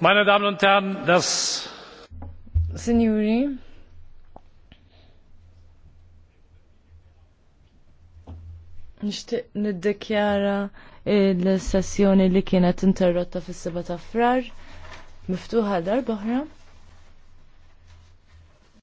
Meine Damen und Herren, das Signori Nixtieq niddikjara l-sessjoni li kienet interrotta fis-7 ta' frar miftuħa darba oħra.